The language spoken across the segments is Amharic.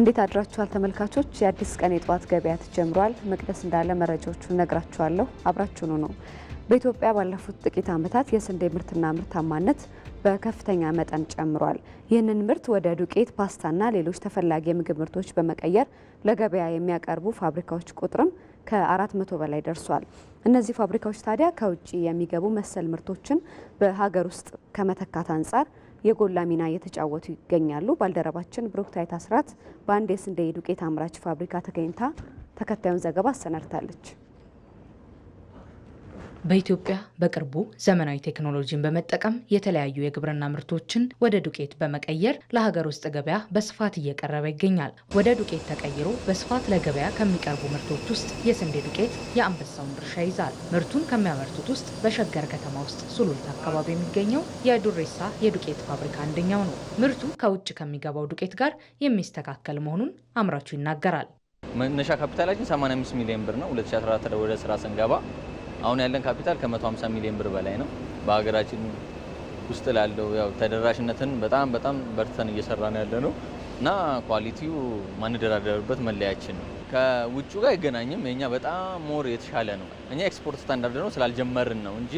እንዴት አድራችኋል ተመልካቾች? የአዲስ ቀን የጠዋት ገበያ ተጀምሯል። መቅደስ እንዳለ መረጃዎቹን ነግራችኋለሁ። አብራችሁኑ ነው። በኢትዮጵያ ባለፉት ጥቂት ዓመታት የስንዴ ምርትና ምርታማነት በከፍተኛ መጠን ጨምሯል። ይህንን ምርት ወደ ዱቄት፣ ፓስታና ሌሎች ተፈላጊ የምግብ ምርቶች በመቀየር ለገበያ የሚያቀርቡ ፋብሪካዎች ቁጥርም ከ400 በላይ ደርሷል። እነዚህ ፋብሪካዎች ታዲያ ከውጭ የሚገቡ መሰል ምርቶችን በሀገር ውስጥ ከመተካት አንጻር የጎላ ሚና እየተጫወቱ ይገኛሉ። ባልደረባችን ብሩክታይት አስራት በአንድ የስንዴ ዱቄት አምራች ፋብሪካ ተገኝታ ተከታዩን ዘገባ አሰናድታለች። በኢትዮጵያ በቅርቡ ዘመናዊ ቴክኖሎጂን በመጠቀም የተለያዩ የግብርና ምርቶችን ወደ ዱቄት በመቀየር ለሀገር ውስጥ ገበያ በስፋት እየቀረበ ይገኛል። ወደ ዱቄት ተቀይሮ በስፋት ለገበያ ከሚቀርቡ ምርቶች ውስጥ የስንዴ ዱቄት የአንበሳውን ድርሻ ይዛል። ምርቱን ከሚያመርቱት ውስጥ በሸገር ከተማ ውስጥ ሱሉልት አካባቢ የሚገኘው የዱሬሳ የዱቄት ፋብሪካ አንደኛው ነው። ምርቱ ከውጭ ከሚገባው ዱቄት ጋር የሚስተካከል መሆኑን አምራቹ ይናገራል። መነሻ ካፒታላችን 85 ሚሊዮን ብር ነው። 2014 ወደ ስራ ስንገባ አሁን ያለን ካፒታል ከ150 ሚሊዮን ብር በላይ ነው። በሀገራችን ውስጥ ላለው ያው ተደራሽነትን በጣም በጣም በርተን እየሰራ ነው ያለ ነው እና ኳሊቲው ማንደራደርበት መለያችን ነው። ከውጭ ጋር አይገናኝም። የኛ በጣም ሞር የተሻለ ነው። እኛ ኤክስፖርት ስታንዳርድ ነው ስላልጀመርን ነው እንጂ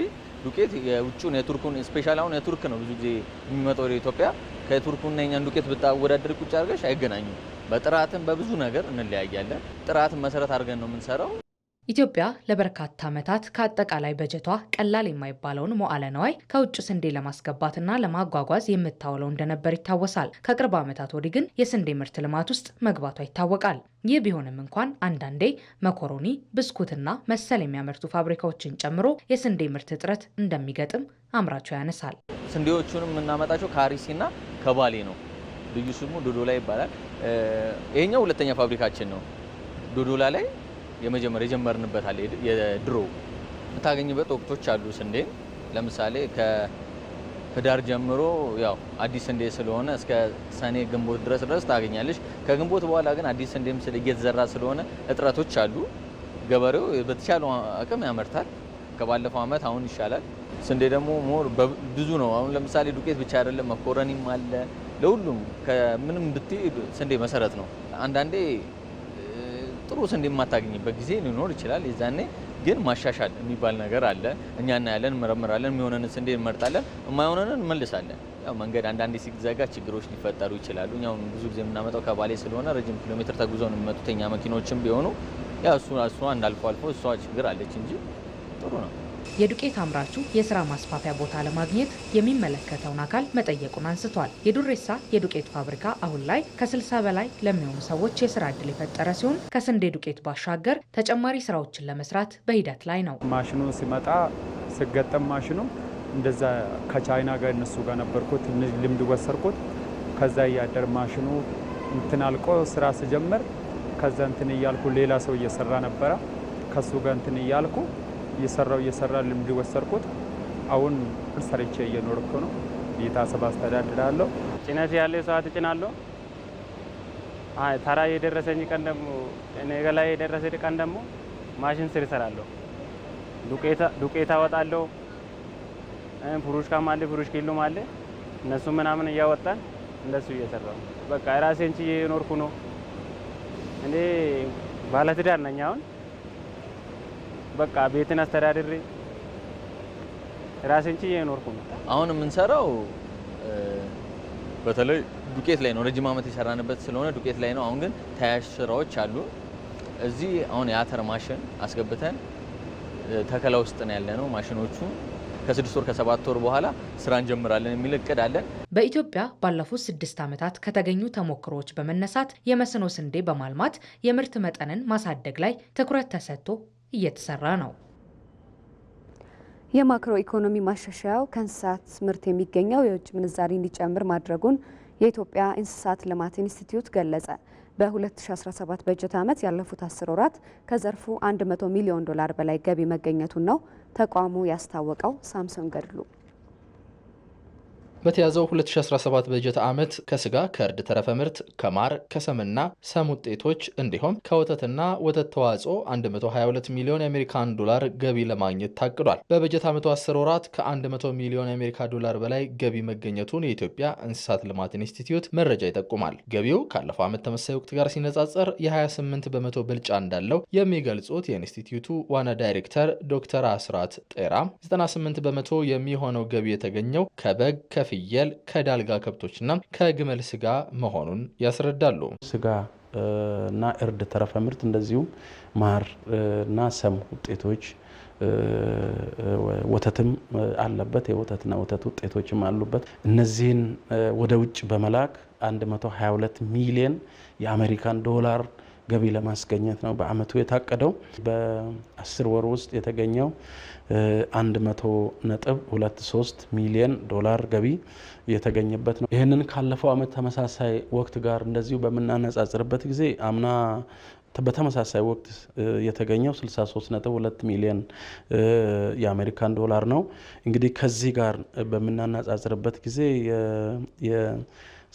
ዱቄት የውጭን የቱርኩን ስፔሻል አሁን የቱርክ ነው ብዙ ጊዜ የሚመጣው ወደ ኢትዮጵያ። ከቱርኩና የኛን ዱቄት ብታወዳደር ቁጭ አድርገሽ አይገናኙም። በጥራትም በብዙ ነገር እንለያያለን። ጥራትን መሰረት አድርገን ነው የምንሰራው። ኢትዮጵያ ለበርካታ ዓመታት ከአጠቃላይ በጀቷ ቀላል የማይባለውን መዋዕለ ነዋይ ከውጭ ስንዴ ለማስገባትና ለማጓጓዝ የምታውለው እንደነበር ይታወሳል። ከቅርብ ዓመታት ወዲህ ግን የስንዴ ምርት ልማት ውስጥ መግባቷ ይታወቃል። ይህ ቢሆንም እንኳን አንዳንዴ መኮሮኒ፣ ብስኩትና መሰል የሚያመርቱ ፋብሪካዎችን ጨምሮ የስንዴ ምርት እጥረት እንደሚገጥም አምራቹ ያነሳል። ስንዴዎቹንም የምናመጣቸው ከአርሲና ከባሌ ነው። ልዩ ስሙ ዶዶላ ይባላል። ይሄኛው ሁለተኛ ፋብሪካችን ነው ዶዶላ ላይ የመጀመር የጀመርንበት አለ የድሮ የምታገኝበት ወቅቶች አሉ። ስንዴ ለምሳሌ ከህዳር ጀምሮ ያው አዲስ ስንዴ ስለሆነ እስከ ሰኔ ግንቦት ድረስ ድረስ ታገኛለች። ከግንቦት በኋላ ግን አዲስ ስንዴም እየተዘራ ስለሆነ እጥረቶች አሉ። ገበሬው በተቻለው አቅም ያመርታል። ከባለፈው ዓመት አሁን ይሻላል። ስንዴ ደግሞ ሞር ብዙ ነው። አሁን ለምሳሌ ዱቄት ብቻ አይደለም፣ መኮረኒም አለ። ለሁሉም ከምንም ብትይ ስንዴ መሰረት ነው። አንዳንዴ ጥሩ ስንዴ የማታገኝበት ጊዜ ሊኖር ይችላል። የዛኔ ግን ማሻሻል የሚባል ነገር አለ። እኛ እናያለን፣ እንመረምራለን፣ የሚሆነን ስንዴ እንመርጣለን፣ የማይሆነንን እንመልሳለን። ያው መንገድ አንዳንዴ ሲዘጋ ችግሮች ሊፈጠሩ ይችላሉ። እኛው ብዙ ጊዜ የምናመጣው ከባሌ ስለሆነ ረጅም ኪሎ ሜትር ተጉዘው ነው የሚመጡት የኛ መኪኖችም ቢሆኑ ያ እሱ እሷ እንዳልፎ አልፎ እሷ ችግር አለች እንጂ ጥሩ ነው። የዱቄት አምራቹ የስራ ማስፋፊያ ቦታ ለማግኘት የሚመለከተውን አካል መጠየቁን አንስቷል። የዱሬሳ የዱቄት ፋብሪካ አሁን ላይ ከ60 በላይ ለሚሆኑ ሰዎች የስራ እድል የፈጠረ ሲሆን ከስንዴ ዱቄት ባሻገር ተጨማሪ ስራዎችን ለመስራት በሂደት ላይ ነው። ማሽኑ ሲመጣ ስገጠም ማሽኑ እንደዛ ከቻይና ጋር እነሱ ጋር ነበርኩት ልምድ ወሰርኩት። ከዛ እያደር ማሽኑ እንትን አልቆ ስራ ስጀምር ከዛ እንትን እያልኩ ሌላ ሰው እየሰራ ነበረ ከሱ ጋር እንትን እያልኩ እየሰራው እየሰራ ልምድ ወሰርኩት። አሁን ሰርቼ እየኖርኩ ነው። ቤተሰብ አስተዳድራለሁ። ጭነት ያለ ሰዋት እጭናለሁ። ተራ የደረሰኝ ቀን ደግሞ እኔ ላይ የደረሰ ቀን ደግሞ ማሽን ስር እሰራለሁ። ዱቄታ ወጣለሁ። ፉሩሽካም አለ ፉሩሽ ኪሎም አለ። እነሱ ምናምን እያወጣን እንደሱ እየሰራ በቃ ራሴን ችዬ የኖርኩ ነው። እኔ ባለትዳር ነኝ አሁን በቃ ቤትን አስተዳድሬ ራሴን ችዬ የኖርኩ ነው። አሁን የምንሰራው በተለይ ዱቄት ላይ ነው። ረጅም ዓመት የሰራንበት ስለሆነ ዱቄት ላይ ነው። አሁን ግን ተያያዥ ስራዎች አሉ። እዚህ አሁን የአተር ማሽን አስገብተን ተከላ ውስጥ ነው ያለ ነው ማሽኖቹ ከስድስት ወር ከሰባት ወር በኋላ ስራ እንጀምራለን የሚል እቅድ አለን። በኢትዮጵያ ባለፉት ስድስት ዓመታት ከተገኙ ተሞክሮዎች በመነሳት የመስኖ ስንዴ በማልማት የምርት መጠንን ማሳደግ ላይ ትኩረት ተሰጥቶ እየተሰራ ነው። የማክሮ ኢኮኖሚ ማሻሻያው ከእንስሳት ምርት የሚገኘው የውጭ ምንዛሪ እንዲጨምር ማድረጉን የኢትዮጵያ እንስሳት ልማት ኢንስቲትዩት ገለጸ። በ2017 በጀት ዓመት ያለፉት አስር ወራት ከዘርፉ 100 ሚሊዮን ዶላር በላይ ገቢ መገኘቱን ነው ተቋሙ ያስታወቀው። ሳምሶን ገድሉ በተያዘው 2017 በጀት ዓመት ከስጋ፣ ከእርድ ተረፈ ምርት፣ ከማር፣ ከሰምና ሰም ውጤቶች እንዲሁም ከወተትና ወተት ተዋጽኦ 122 ሚሊዮን የአሜሪካን ዶላር ገቢ ለማግኘት ታቅዷል። በበጀት ዓመቱ 10 ወራት ከ100 ሚሊዮን የአሜሪካ ዶላር በላይ ገቢ መገኘቱን የኢትዮጵያ እንስሳት ልማት ኢንስቲትዩት መረጃ ይጠቁማል። ገቢው ካለፈው ዓመት ተመሳሳይ ወቅት ጋር ሲነጻጸር የ28 በመቶ ብልጫ እንዳለው የሚገልጹት የኢንስቲትዩቱ ዋና ዳይሬክተር ዶክተር አስራት ጤራ 98 በመቶ የሚሆነው ገቢ የተገኘው ከበግ ከፊ ፍየል፣ ከዳልጋ ከብቶችና ከግመል ስጋ መሆኑን ያስረዳሉ። ስጋ እና እርድ ተረፈ ምርት እንደዚሁም ማር እና ሰም ውጤቶች ወተትም አለበት። የወተትና ወተት ውጤቶችም አሉበት። እነዚህን ወደ ውጭ በመላክ 122 ሚሊዮን የአሜሪካን ዶላር ገቢ ለማስገኘት ነው በአመቱ የታቀደው። በአስር ወር ውስጥ የተገኘው ነጥብ ሶስት ሚሊዮን ዶላር ገቢ የተገኘበት ነው። ይህንን ካለፈው አመት ተመሳሳይ ወቅት ጋር እንደዚሁ በምናነጻጽርበት ጊዜ አምና በተመሳሳይ ወቅት የተገኘው 63.2 ሚሊዮን የአሜሪካን ዶላር ነው። እንግዲህ ከዚህ ጋር በምናነጻጽርበት ጊዜ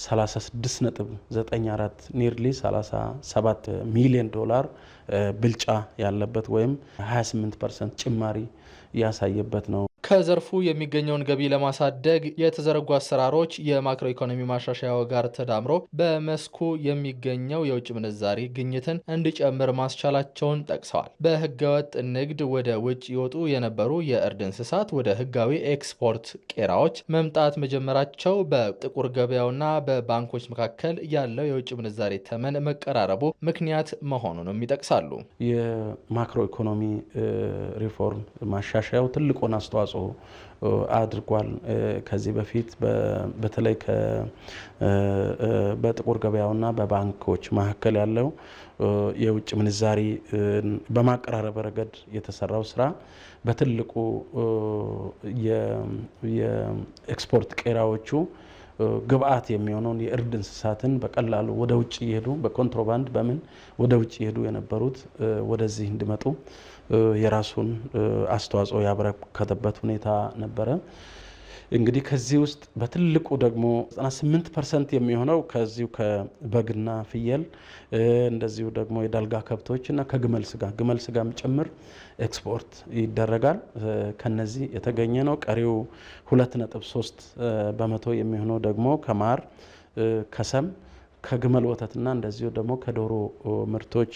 36.94 ኒርሊ 37 ሚሊዮን ዶላር ብልጫ ያለበት ወይም 28 ፐርሰንት ጭማሪ ያሳየበት ነው። ከዘርፉ የሚገኘውን ገቢ ለማሳደግ የተዘረጉ አሰራሮች የማክሮ ኢኮኖሚ ማሻሻያው ጋር ተዳምሮ በመስኩ የሚገኘው የውጭ ምንዛሪ ግኝትን እንዲጨምር ማስቻላቸውን ጠቅሰዋል። በህገወጥ ንግድ ወደ ውጭ ይወጡ የነበሩ የእርድ እንስሳት ወደ ህጋዊ ኤክስፖርት ቄራዎች መምጣት መጀመራቸው በጥቁር ገበያውና በባንኮች መካከል ያለው የውጭ ምንዛሬ ተመን መቀራረቡ ምክንያት መሆኑንም ይጠቅሳሉ። የማክሮ ኢኮኖሚ ሪፎርም ማሻሻያው ትልቁን አስተዋጽኦ አስተዋጽኦ አድርጓል። ከዚህ በፊት በተለይ በጥቁር ገበያውና በባንኮች መካከል ያለው የውጭ ምንዛሪ በማቀራረብ ረገድ የተሰራው ስራ በትልቁ የኤክስፖርት ቄራዎቹ ግብአት የሚሆነውን የእርድ እንስሳትን በቀላሉ ወደ ውጭ እየሄዱ በኮንትሮባንድ በምን ወደ ውጭ እየሄዱ የነበሩት ወደዚህ እንዲመጡ የራሱን አስተዋጽኦ ያበረከተበት ሁኔታ ነበረ። እንግዲህ ከዚህ ውስጥ በትልቁ ደግሞ 98 ፐርሰንት የሚሆነው ከዚሁ ከበግና ፍየል እንደዚሁ ደግሞ የዳልጋ ከብቶች እና ከግመል ስጋ ግመል ስጋም ጭምር ኤክስፖርት ይደረጋል። ከነዚህ የተገኘ ነው። ቀሪው 2.3 በመቶ የሚሆነው ደግሞ ከማር ከሰም ከግመል ወተትና እንደዚሁ ደግሞ ከዶሮ ምርቶች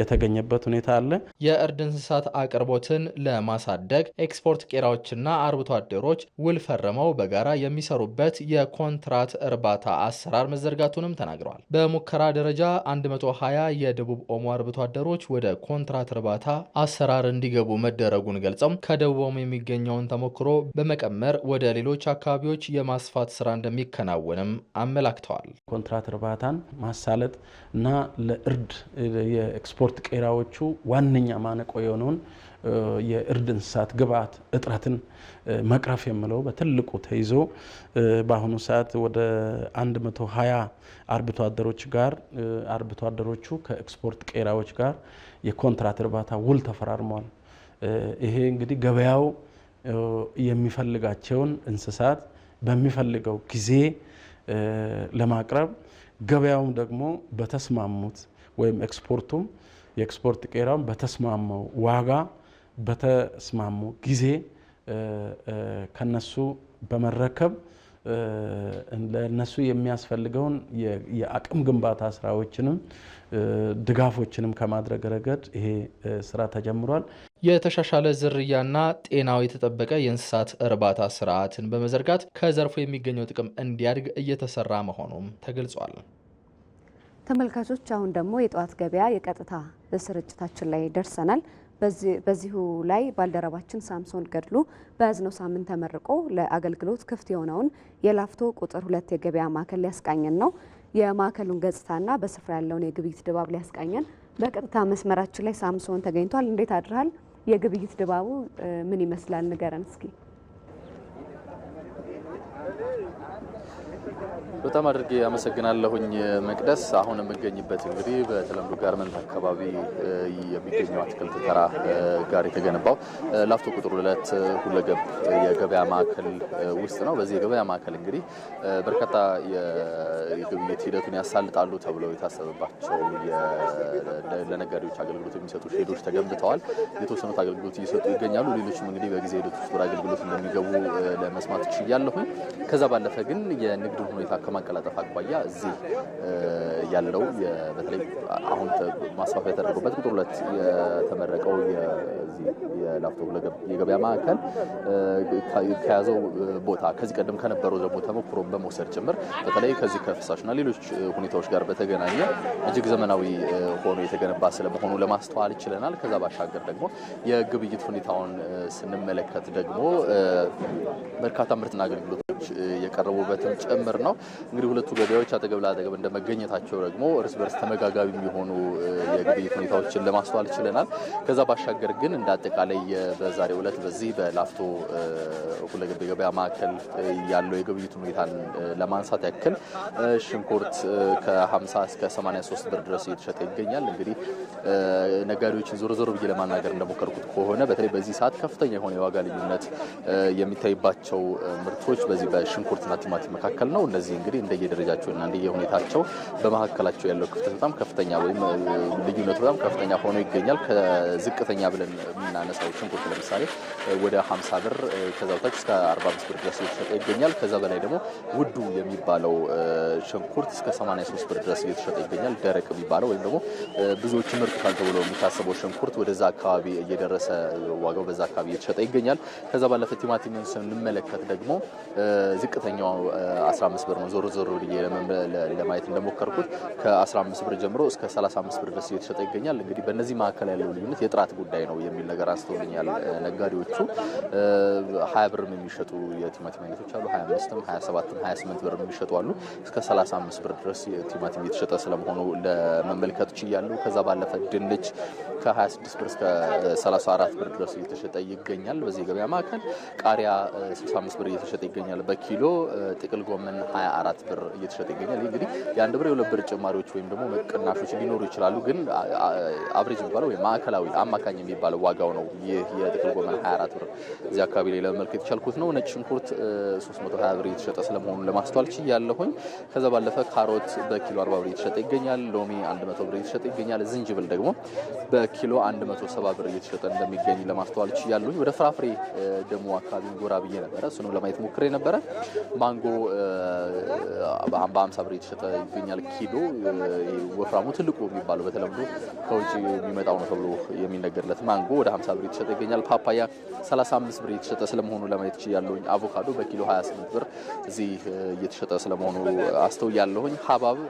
የተገኘበት ሁኔታ አለ። የእርድ እንስሳት አቅርቦትን ለማሳደግ ኤክስፖርት ቄራዎችና አርብቶ አደሮች ውል ፈርመው በጋራ የሚሰሩበት የኮንትራት እርባታ አሰራር መዘርጋቱንም ተናግረዋል። በሙከራ ደረጃ 120 የደቡብ ኦሞ አርብቶ አደሮች ወደ ኮንትራት እርባታ አሰራር እንዲገቡ መደረጉን ገልጸው ከደቡብ ኦሞ የሚገኘውን ተሞክሮ በመቀመር ወደ ሌሎች አካባቢዎች የማስፋት ስራ እንደሚከናወንም አመላክተዋል። ኮንትራት እርባታ እርባታን ማሳለጥ እና ለእርድ የኤክስፖርት ቄራዎቹ ዋነኛ ማነቆ የሆነውን የእርድ እንስሳት ግብአት እጥረትን መቅረፍ የምለው በትልቁ ተይዞ በአሁኑ ሰዓት ወደ 120 አርብቶ አደሮች ጋር አርብቶ አደሮቹ ከኤክስፖርት ቄራዎች ጋር የኮንትራት እርባታ ውል ተፈራርመዋል። ይሄ እንግዲህ ገበያው የሚፈልጋቸውን እንስሳት በሚፈልገው ጊዜ ለማቅረብ ገበያውም ደግሞ በተስማሙት ወይም ኤክስፖርቱም የኤክስፖርት ቄራውም በተስማመው ዋጋ በተስማሙ ጊዜ ከነሱ በመረከብ ለነሱ የሚያስፈልገውን የአቅም ግንባታ ስራዎችንም ድጋፎችንም ከማድረግ ረገድ ይሄ ስራ ተጀምሯል። የተሻሻለ ዝርያና ጤናው የተጠበቀ የእንስሳት እርባታ ስርዓትን በመዘርጋት ከዘርፉ የሚገኘው ጥቅም እንዲያድግ እየተሰራ መሆኑም ተገልጿል። ተመልካቾች አሁን ደግሞ የጠዋት ገበያ የቀጥታ ስርጭታችን ላይ ደርሰናል። በዚሁ ላይ ባልደረባችን ሳምሶን ገድሉ በያዝነው ሳምንት ተመርቆ ለአገልግሎት ክፍት የሆነውን የላፍቶ ቁጥር ሁለት የገበያ ማዕከል ሊያስቃኘን ነው። የማዕከሉን ገጽታና በስፍራ ያለውን የግብይት ድባብ ሊያስቃኘን በቀጥታ መስመራችን ላይ ሳምሶን ተገኝቷል። እንዴት አድርሃል? የግብይት ድባቡ ምን ይመስላል? ንገረን እስኪ። በጣም አድርጌ አመሰግናለሁኝ መቅደስ። አሁን የምገኝበት እንግዲህ በተለምዶ ጋርመንት አካባቢ የሚገኘው አትክልት ተራ ጋር የተገነባው ላፍቶ ቁጥር ሁለት ሁለገብ የገበያ ማዕከል ውስጥ ነው። በዚህ የገበያ ማዕከል እንግዲህ በርካታ የግብይት ሂደቱን ያሳልጣሉ ተብለው የታሰበባቸው ለነጋዴዎች አገልግሎት የሚሰጡ ሼዶች ተገንብተዋል። የተወሰኑት አገልግሎት እየሰጡ ይገኛሉ። ሌሎችም እንግዲህ በጊዜ ሂደት ውስጥ ወደ አገልግሎት እንደሚገቡ ለመስማት ችያለሁኝ። ከዛ ባለፈ ግን የንግድ ሁኔታ ከማቀላጠፍ አኳያ እዚህ ያለው በተለይ አሁን ማስፋፋ የተደረጉበት ቁጥር ሁለት የተመረቀው የላፍቶ የገበያ ማዕከል ከያዘው ቦታ ከዚህ ቀደም ከነበረው ደግሞ ተሞክሮ በመውሰድ ጭምር በተለይ ከዚህ ከፍሳሽና ሌሎች ሁኔታዎች ጋር በተገናኘ እጅግ ዘመናዊ ሆኖ የተገነባ ስለመሆኑ ለማስተዋል ይችለናል። ከዛ ባሻገር ደግሞ የግብይት ሁኔታውን ስንመለከት ደግሞ በርካታ ምርትና አገልግሎቶች የቀረቡበትም ጭምር ነው። እንግዲህ ሁለቱ ገበያዎች አጠገብ ለአጠገብ እንደመገኘታቸው ደግሞ እርስ በርስ ተመጋጋቢ የሚሆኑ የግብይት ሁኔታዎችን ለማስተዋል ችለናል። ከዛ ባሻገር ግን እንደ አጠቃላይ በዛሬው ዕለት በዚህ በላፍቶ ሁለገብ ገበያ ማዕከል ያለው የግብይት ሁኔታን ለማንሳት ያክል ሽንኩርት ከ50 እስከ 83 ብር ድረስ እየተሸጠ ይገኛል። እንግዲህ ነጋዴዎችን ዞሮ ዞሮ ብዬ ለማናገር እንደሞከርኩት ከሆነ በተለይ በዚህ ሰዓት ከፍተኛ የሆነ የዋጋ ልዩነት የሚታይባቸው ምርቶች በዚህ በሽንኩርትና ቲማቲም መካከል ነው። እነዚህ እንግዲህ እንደየ እንደየሁኔታቸው በመካከላቸው ያለው ክፍተት በጣም ከፍተኛ ወይም ልዩነቱ በጣም ከፍተኛ ሆኖ ይገኛል። ከዝቅተኛ ብለን የምናነሳው ሽንኩርት ለምሳሌ ወደ 50 ብር ከዛ በታች እስከ 45 ብር ድረስ እየተሸጠ ይገኛል። ከዛ በላይ ደግሞ ውዱ የሚባለው ሽንኩርት እስከ 83 ብር ድረስ እየተሸጠ ይገኛል። ደረቅ የሚባለው ወይም ደግሞ ብዙዎች ምርጡታል ተብሎ የሚታሰበው ሽንኩርት ወደዛ አካባቢ እየደረሰ ዋጋው በዛ አካባቢ እየተሸጠ ይገኛል። ከዛ ባለፈ ቲማቲምን ስንመለከት ደግሞ ዝቅተኛው 15 ብር ነው። ዞር ዞር ብዬ ለማየት እንደሞከርኩት ከ15 ብር ጀምሮ እስከ 35 ብር ድረስ እየተሸጠ ይገኛል። እንግዲህ በእነዚህ መካከል ያለው ልዩነት የጥራት ጉዳይ ነው የሚል ነገር አንስቶልኛል ነጋዴዎቹ። ሀያ ብርም የሚሸጡ የቲማቲም አይነቶች አሉ። 25ም፣ 27ም፣ 28 ብርም የሚሸጡ አሉ። እስከ 35 ብር ድረስ ቲማቲም እየተሸጠ ስለመሆኑ ለመመልከት ችያለሁ። ከዛ ባለፈ ድንች ከ26 ብር እስከ 34 ብር ድረስ እየተሸጠ ይገኛል። በዚህ የገበያ ማዕከል ቃሪያ 65 ብር እየተሸጠ ይገኛል በኪሎ ጥቅል ጎመን 24 አራት ብር እየተሸጠ ይገኛል። ይህ እንግዲህ የአንድ ብር የሁለት ብር ጭማሪዎች ወይም ደግሞ ቅናሾች ሊኖሩ ይችላሉ። ግን አብሬጅ የሚባለው ወይም ማዕከላዊ አማካኝ የሚባለው ዋጋው ነው። ይህ የጥቅል ጎመን 24 ብር እዚህ አካባቢ ላይ ለመመልከት የቻልኩት ነው። ነጭ ሽንኩርት 320 ብር እየተሸጠ ስለመሆኑ ለማስተዋል ችያለሁኝ። ከዛ ባለፈ ካሮት በኪሎ 40 ብር እየተሸጠ ይገኛል። ሎሚ 100 ብር እየተሸጠ ይገኛል። ዝንጅብል ደግሞ በኪሎ 170 ብር እየተሸጠ እንደሚገኝ ለማስተዋል ችያለሁኝ። ወደ ፍራፍሬ ደግሞ አካባቢ ጎራ ብዬ ነበረ፣ እሱንም ለማየት ሞክሬ ነበረ። ማንጎ በአምሳ ብር የተሸጠ ይገኛል። ኪሎ ወፍራሙ ትልቁ የሚባለው በተለምዶ ከውጭ የሚመጣው ነው ተብሎ የሚነገርለት ማንጎ ወደ ሀምሳ ብር የተሸጠ ይገኛል። ፓፓያ ሰላሳ አምስት ብር የተሸጠ ስለመሆኑ ለማየት ችያለሁኝ። አቮካዶ በኪሎ ሀያ ስምንት ብር እዚህ እየተሸጠ ስለመሆኑ አስተውያለሁኝ። ሀባብ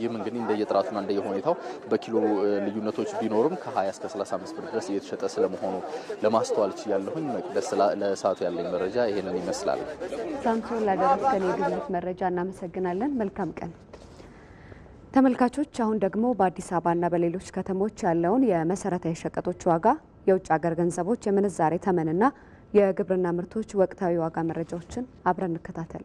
ይህም እንግዲህ እንደየጥራቱና እንደየሁኔታው በኪሎ ልዩነቶች ቢኖሩም ከ20 እስከ 35 ብር ድረስ እየተሸጠ ስለመሆኑ ለማስተዋል ችያለሁኝ። መቅደስ ለሰዓቱ ያለኝ መረጃ ይሄንን ይመስላል። ሳምሶን ላደረስከን የግነት መረጃ እናመሰግናለን። መልካም ቀን። ተመልካቾች አሁን ደግሞ በአዲስ አበባና በሌሎች ከተሞች ያለውን የመሰረታዊ ሸቀጦች ዋጋ፣ የውጭ ሀገር ገንዘቦች የምንዛሬ ተመንና የግብርና ምርቶች ወቅታዊ ዋጋ መረጃዎችን አብረን እንከታተል።